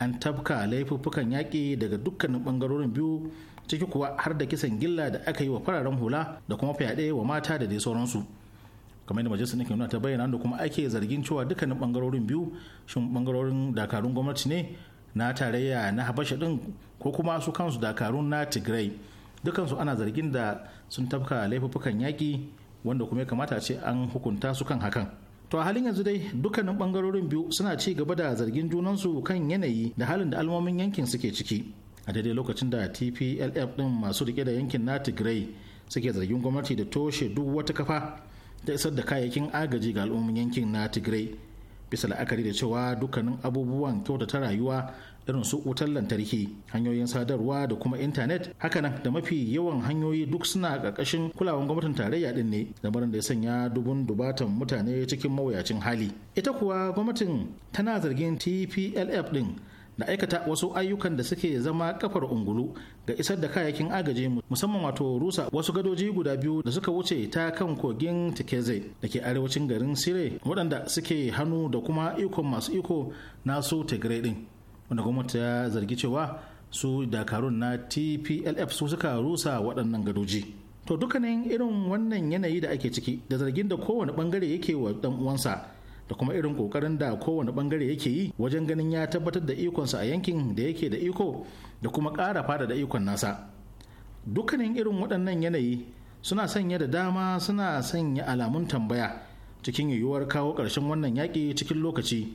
an tabka laifuffukan yaƙi daga dukkanin ɓangarorin biyu ciki kuwa har da kisan gilla da aka yi wa fararen hula da kuma fyaɗe wa mata da dai sauransu kamar da majalisar ɗinkin duniya ta bayyana da kuma ake zargin cewa dukkanin ɓangarorin biyu shin ɓangarorin dakarun gwamnati ne na tarayya na habasha din ko kuma su kansu dakarun na tigray dukansu ana zargin da sun tafka laifuffukan yaƙi wanda kuma ya kamata ce an hukunta su kan hakan to a halin yanzu dai dukkanin bangarorin biyu suna ci gaba da zargin junansu kan yanayi da halin da almomin yankin suke ciki a daidai lokacin da tplf din masu rike da yankin na tigray suke zargin gwamnati da toshe duk wata kafa ta isar da kayayyakin agaji ga al'ummin yankin na tigray bisa la'akari da cewa dukkanin abubuwan kyautata rayuwa irin su wutar lantarki hanyoyin sadarwa da kuma intanet hakanan da mafi yawan hanyoyi duk suna ƙarƙashin kulawan gwamnatin tarayya din ne lamarin da ya sanya dubun dubatan mutane cikin mawuyacin hali ita kuwa gwamnatin tana zargin tplf din da aikata wasu ayyukan da suke zama kafar ungulu ga isar da kayayyakin agaji musamman wato rusa wasu gadoji guda biyu da suka wuce ta kan kogin tikeze da ke arewacin garin sire waɗanda suke hannu da kuma ikon masu iko nasu tigray din wanda gwamnati ya zargi cewa su dakarun na tplf su suka rusa waɗannan gadoji to dukkanin irin wannan yanayi da ake ciki da zargin da kowane bangare yake wa dan uwansa da kuma irin kokarin da kowane bangare yake yi wajen ganin ya tabbatar da ikonsa a yankin da yake da iko da kuma ƙara fada da ikon nasa dukkanin irin waɗannan yanayi suna sanya da dama suna sanya alamun tambaya cikin yiwuwar kawo ƙarshen wannan yaƙi cikin lokaci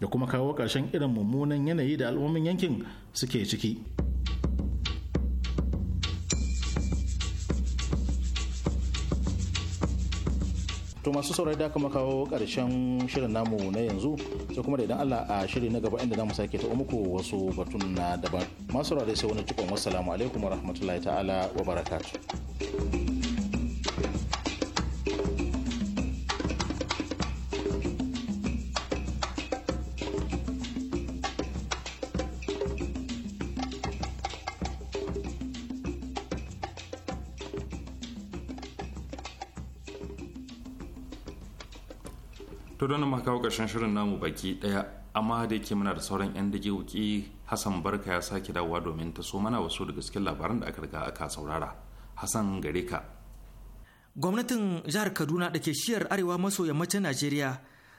da kuma kawo ƙarshen irin mummunan yanayi da al'ummin yankin suke ciki. to masu saurari da kuma kawo karshen shirin namu na yanzu sai kuma da idan Allah a shiri na gaba inda zamu sake ta muku wasu batun na daban masu saurari sai wani cikon wassalamu alaikum warahmatullahi ta'ala wa barakatuh to don ma kawo ƙarshen shirin namu baki ɗaya amma da yake muna da sauran 'yan dage wuki hassan barka ya sake dawowa domin ta so mana wasu daga cikin labaran da aka riga aka saurara hassan gare ka gwamnatin jihar kaduna da ke shiyar arewa maso yammacin najeriya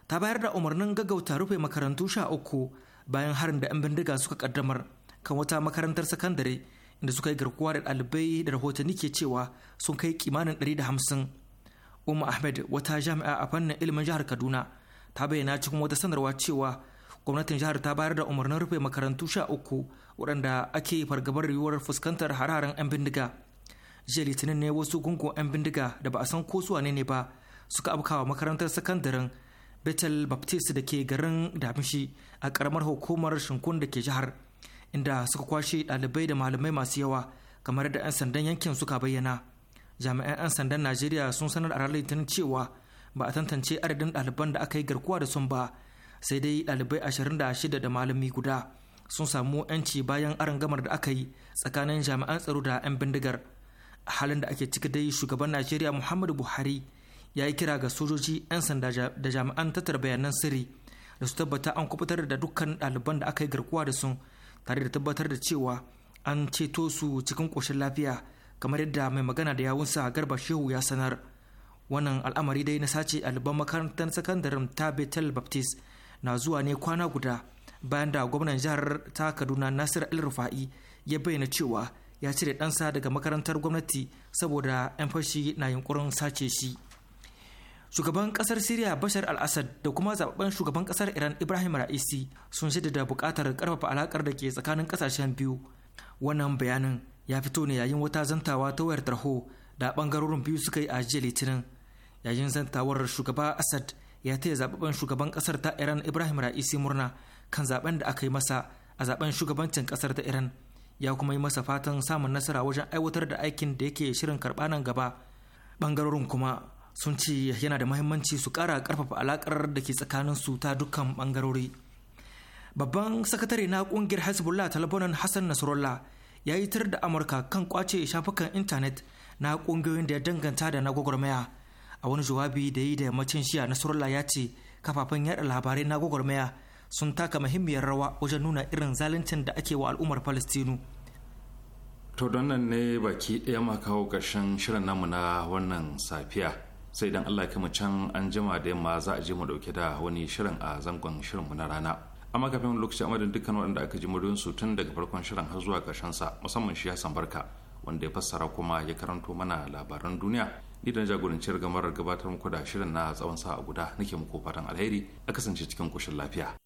ta bayar da umarnin gaggauta rufe makarantu sha uku bayan harin da 'yan bindiga suka kaddamar kan wata makarantar sakandare inda suka yi garkuwa da ɗalibai da rahotanni ke cewa sun kai kimanin 150 Umar Ahmed wata jami'a a fannin ilimin jihar Kaduna ta bayyana cikin wata sanarwa cewa gwamnatin jihar ta bayar da umarnin rufe makarantu sha uku waɗanda ake fargabar yiwuwar fuskantar hararen 'yan bindiga. Jiya Litinin ne wasu gungun 'yan bindiga da ba a san ko ne ne ba suka abkawa makarantar sakandaren betel Baptist da ke garin Damishi a ƙaramar hukumar Shinkun da ke jihar inda suka kwashe ɗalibai da malamai masu yawa kamar da 'yan sandan yankin suka bayyana. jami'an 'yan sandan najeriya sun sanar a ranar litinin cewa ba a tantance adadin ɗaliban da aka yi garkuwa da sun ba sai dai ɗalibai ashirin da malami guda sun samu 'yanci bayan arangamar da aka yi tsakanin jami'an tsaro da 'yan bindigar a halin da ake ciki dai shugaban najeriya muhammadu buhari ya yi kira ga sojoji 'yan sanda da jami'an tattara bayanan sirri da su tabbata an kubutar da dukkan ɗaliban da aka yi garkuwa da sun tare da tabbatar da cewa an ceto su cikin koshin lafiya kamar yadda mai magana da yawunsa garba shehu ya sanar wannan al'amari dai na sace alban makarantar sakandaren ta betel baptist na zuwa ne kwana guda bayan da gwamnan jihar ta kaduna nasir al rufai ya bayyana cewa ya cire ɗansa daga makarantar gwamnati saboda 'yan fashi na yunkurin sace shi shugaban kasar syria bashar al-assad da kuma zababben shugaban kasar iran ibrahim ra'isi sun shaidada buƙatar ƙarfafa alaƙar da ke tsakanin ƙasashen biyu wannan bayanin ya fito ne yayin wata zantawa ta wayar tarho da bangarorin biyu suka yi a jiya litinin yayin zantawar shugaba assad ya taya zababben shugaban kasar ta iran ibrahim ra'isi murna kan zaben da aka yi masa a zaben shugabancin kasar ta iran ya kuma yi masa fatan samun nasara wajen aiwatar da aikin da yake shirin karɓa nan gaba bangarorin kuma sun ce yana da mahimmanci su kara karfafa alakar da ke tsakanin su ta dukkan bangarori babban sakatare na ƙungiyar hezbollah ta lebanon hassan nasrallah ya yi tar da amurka kan kwace shafukan intanet na kungiyoyin da ya danganta da na gwagwarmaya a wani jawabi da yi da yammacin shiya nasarullah ya ce kafafen yada labarai na gwagwarmaya sun taka muhimmiyar rawa wajen nuna irin zaluncin da ake wa al'ummar palestinu to don nan ne baki ɗaya ma kawo ƙarshen shirin namu na wannan safiya sai don allah kama can an jima da yamma za a je mu dauke da wani shirin a zangon shirinmu na rana amma kafin lokaci a madadin dukkan waɗanda aka ji muryoyin su tun daga farkon shirin har zuwa ƙarshen sa musamman shi Hassan Barka wanda ya fassara kuma ya karanto mana labaran duniya ni da jagorancin gamar gabatar muku da shirin na tsawon sa'a guda nake muku fatan alheri a kasance cikin kushin lafiya